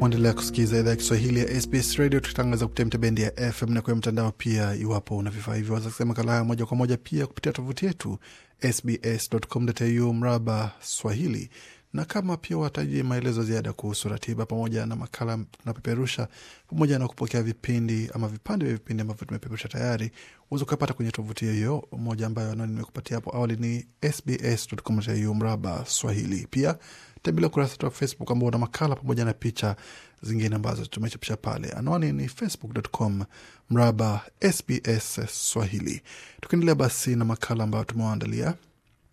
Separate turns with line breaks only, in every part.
Waendelea kusikiliza idhaa ya Kiswahili ya SBS Radio, tukitangaza kupitia mitabendi ya FM na kwenye mtandao pia. Iwapo una vifaa hivyo, waza kusema makala haya moja kwa moja pia kupitia tovuti yetu sbs.com.au mraba swahili na kama pia wataji maelezo ziada kuhusu ratiba pamoja na makala tunapeperusha pamoja na kupokea vipindi ama vipande vya vipindi ambavyo tumepeperusha tayari, uweze ukapata kwenye tovuti hiyo moja ambayo nani nimekupatia hapo awali ni sbscu mraba Swahili. Pia tembelea ukurasa wetu wa Facebook ambao una makala pamoja na picha zingine ambazo tumechapisha pale. Anwani ni facebook.com mraba SBS Swahili. Tukiendelea basi na makala ambayo tumewaandalia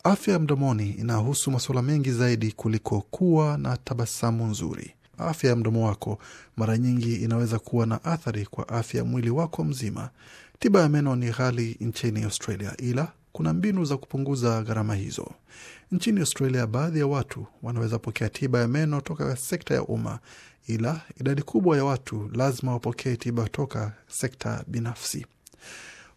Afya ya mdomoni inahusu masuala mengi zaidi kuliko kuwa na tabasamu nzuri. Afya ya mdomo wako mara nyingi inaweza kuwa na athari kwa afya ya mwili wako mzima. Tiba ya meno ni ghali nchini Australia, ila kuna mbinu za kupunguza gharama hizo. Nchini Australia, baadhi ya watu wanaweza pokea tiba ya meno toka sekta ya umma, ila idadi kubwa ya watu lazima wapokee tiba toka sekta binafsi.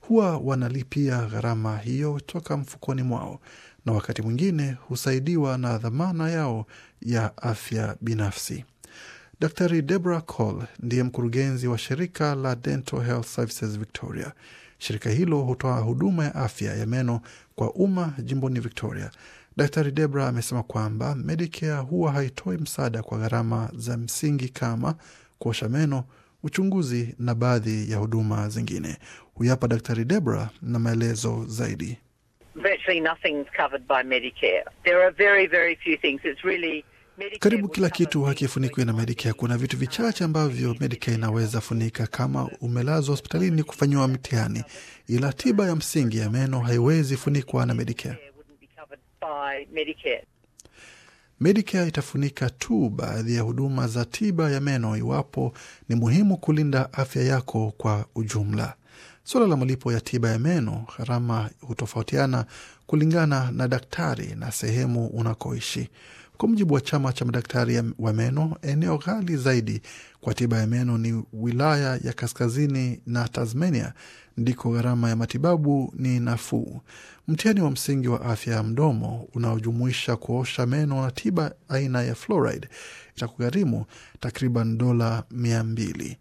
Huwa wanalipia gharama hiyo toka mfukoni mwao, na wakati mwingine husaidiwa na dhamana yao ya afya binafsi. dri debora Cole ndiye mkurugenzi wa shirika la Dental Health Services Victoria. Shirika hilo hutoa huduma ya afya ya meno kwa umma jimboni Victoria. Daktari Debra amesema kwamba Medicare huwa haitoi msaada kwa gharama za msingi kama kuosha meno, uchunguzi na baadhi ya huduma zingine. Huyapa Daktari Debra na maelezo zaidi nothing's covered by Medicare. There are very, very few things. It's really karibu kila kitu hakifunikwi na Medicare. Kuna vitu vichache ambavyo Medicare inaweza funika, kama umelazwa hospitalini kufanyiwa mtihani, ila tiba ya msingi ya meno haiwezi funikwa na Medicare. Medicare itafunika tu baadhi ya huduma za tiba ya meno iwapo ni muhimu kulinda afya yako kwa ujumla. Suala la malipo ya tiba ya meno, gharama hutofautiana kulingana na daktari na sehemu unakoishi. Kwa mujibu wa chama cha madaktari wa meno, eneo ghali zaidi kwa tiba ya meno ni wilaya ya kaskazini na Tasmania, ndiko gharama ya matibabu ni nafuu. Mtihani wa msingi wa afya ya mdomo unaojumuisha kuosha meno na tiba aina ya fluoride itakugharimu takriban dola mia mbili.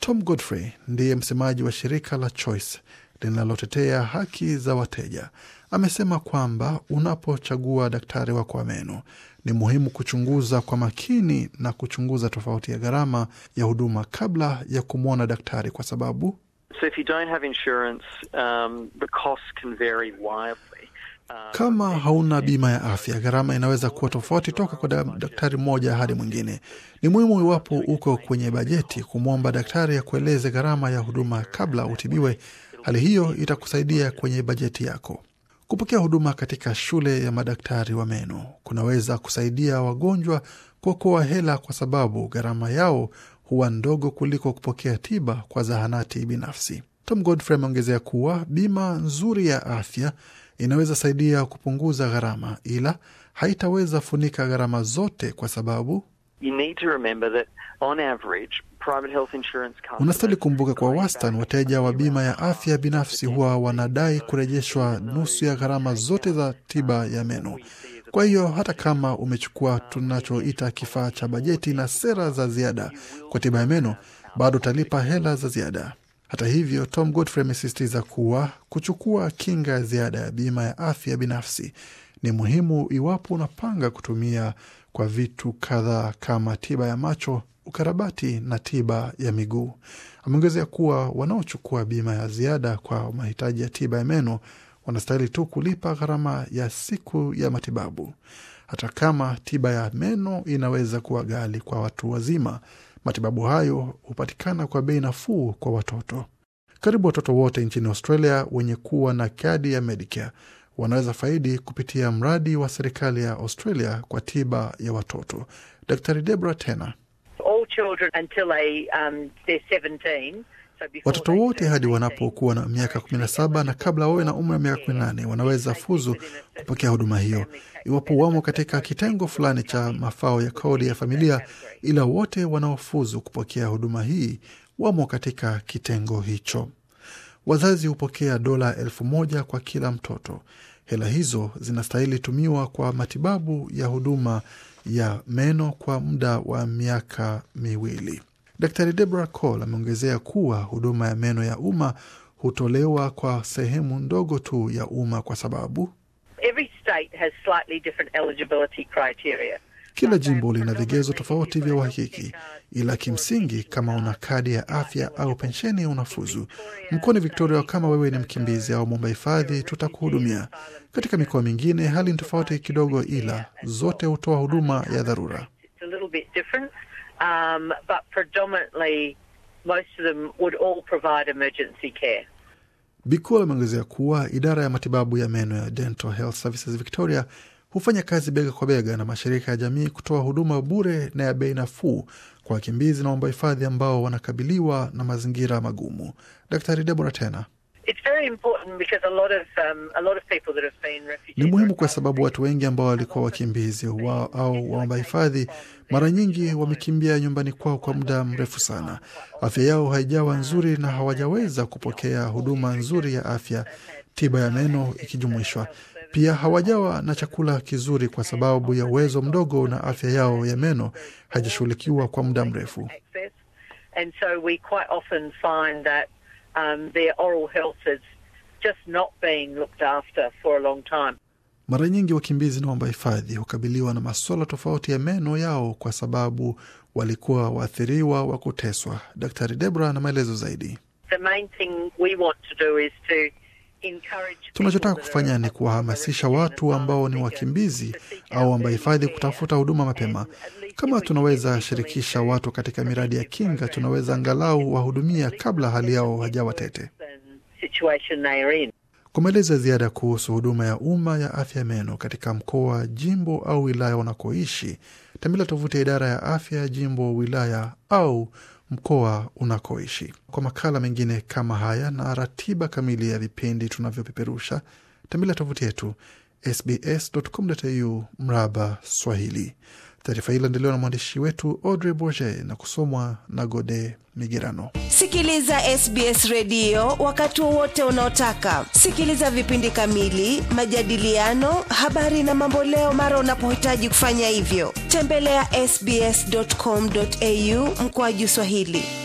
Tom Godfrey ndiye msemaji wa shirika la Choice linalotetea haki za wateja amesema kwamba unapochagua daktari wako wa meno ni muhimu kuchunguza kwa makini na kuchunguza tofauti ya gharama ya huduma kabla ya kumwona daktari kwa sababu so if you don't have insurance, um, the cost can vary wildly. Um, kama hauna bima ya afya, gharama inaweza kuwa tofauti toka kwa daktari mmoja hadi mwingine. Ni muhimu iwapo uko kwenye bajeti, kumwomba daktari akueleze gharama ya huduma kabla utibiwe. Hali hiyo itakusaidia kwenye bajeti yako. Kupokea huduma katika shule ya madaktari wa meno kunaweza kusaidia wagonjwa kuokoa hela kwa sababu gharama yao huwa ndogo kuliko kupokea tiba kwa zahanati binafsi. Tom Godfrey ameongezea kuwa bima nzuri ya afya inaweza saidia kupunguza gharama, ila haitaweza funika gharama zote kwa sababu you need to remember that Unastali kumbuka, kwa wastan wateja wa bima ya afya binafsi huwa wanadai kurejeshwa nusu ya gharama zote za tiba ya meno. Kwa hiyo hata kama umechukua tunachoita kifaa cha bajeti na sera za ziada kwa tiba ya meno, bado utalipa hela za ziada. Hata hivyo, Tom Godfrey amesisitiza kuwa kuchukua kinga ya ziada ya bima ya afya binafsi ni muhimu iwapo unapanga kutumia kwa vitu kadhaa kama tiba ya macho ukarabati na tiba ya miguu. Ameongezea kuwa wanaochukua bima ya ziada kwa mahitaji ya tiba ya meno wanastahili tu kulipa gharama ya siku ya matibabu. Hata kama tiba ya meno inaweza kuwa ghali kwa watu wazima, matibabu hayo hupatikana kwa bei nafuu kwa watoto. Karibu watoto wote nchini Australia wenye kuwa na kadi ya Medicare wanaweza faidi kupitia mradi wa serikali ya Australia kwa tiba ya watoto. Dr Debra Tena Um, Watoto wote hadi wanapokuwa na miaka 17 na kabla wawe na umri wa miaka 18 wanaweza fuzu kupokea huduma hiyo, iwapo wamo katika kitengo fulani cha mafao ya kodi ya familia, ila wote wanaofuzu kupokea huduma hii wamo katika kitengo hicho. Wazazi hupokea dola elfu moja kwa kila mtoto. Hela hizo zinastahili tumiwa kwa matibabu ya huduma ya meno kwa muda wa miaka miwili. Daktari Deborah Cole ameongezea kuwa huduma ya meno ya umma hutolewa kwa sehemu ndogo tu ya umma kwa sababu Every state has kila jimbo lina vigezo tofauti vya uhakiki, ila kimsingi, kama una kadi ya afya au pensheni unafuzu. Mkoani Victoria, kama wewe ni mkimbizi au mwomba hifadhi, tutakuhudumia. Katika mikoa mingine hali ni tofauti kidogo, ila zote hutoa huduma ya dharura. Um, Bikuu ameongezea kuwa idara ya matibabu ya meno ya Dental Health Services Victoria hufanya kazi bega kwa bega na mashirika ya jamii kutoa huduma bure na ya bei nafuu kwa wakimbizi na waomba hifadhi ambao wanakabiliwa na mazingira magumu. Daktari Debora tena um, ni muhimu kwa sababu watu wengi ambao walikuwa wakimbizi wa, au waomba hifadhi mara nyingi wamekimbia nyumbani kwao kwa muda mrefu sana. Afya yao haijawa nzuri na hawajaweza kupokea huduma nzuri ya afya, tiba ya meno ikijumuishwa. Pia hawajawa na chakula kizuri kwa sababu ya uwezo mdogo na afya yao ya meno haijashughulikiwa kwa muda mrefu. Um, Mara nyingi wakimbizi na hifadhi hukabiliwa na maswala tofauti ya meno yao kwa sababu walikuwa waathiriwa wa kuteswa. Daktari Debra ana maelezo zaidi. The main thing we want to do is to Tunachotaka kufanya ni kuwahamasisha watu ambao ni wakimbizi au wamba hifadhi kutafuta huduma mapema. Kama tunaweza shirikisha watu katika miradi ya kinga, tunaweza angalau wahudumia kabla hali yao hajawa tete. Kwa maelezo ya ziada kuhusu huduma ya umma ya afya meno katika mkoa, jimbo au wilaya unakoishi, tembelea tovuti ya idara ya afya ya jimbo, wilaya au mkoa unakoishi. Kwa makala mengine kama haya na ratiba kamili ya vipindi tunavyopeperusha, tembelea tovuti yetu sbs.com.au mraba Swahili. Taarifa hii iliandaliwa na mwandishi wetu Audrey Bourget na kusomwa na Gode Migerano. Sikiliza SBS redio wakati wowote unaotaka. Sikiliza vipindi kamili, majadiliano, habari na mamboleo mara unapohitaji kufanya hivyo. Tembelea ya sbs.com.au mkoaji Swahili.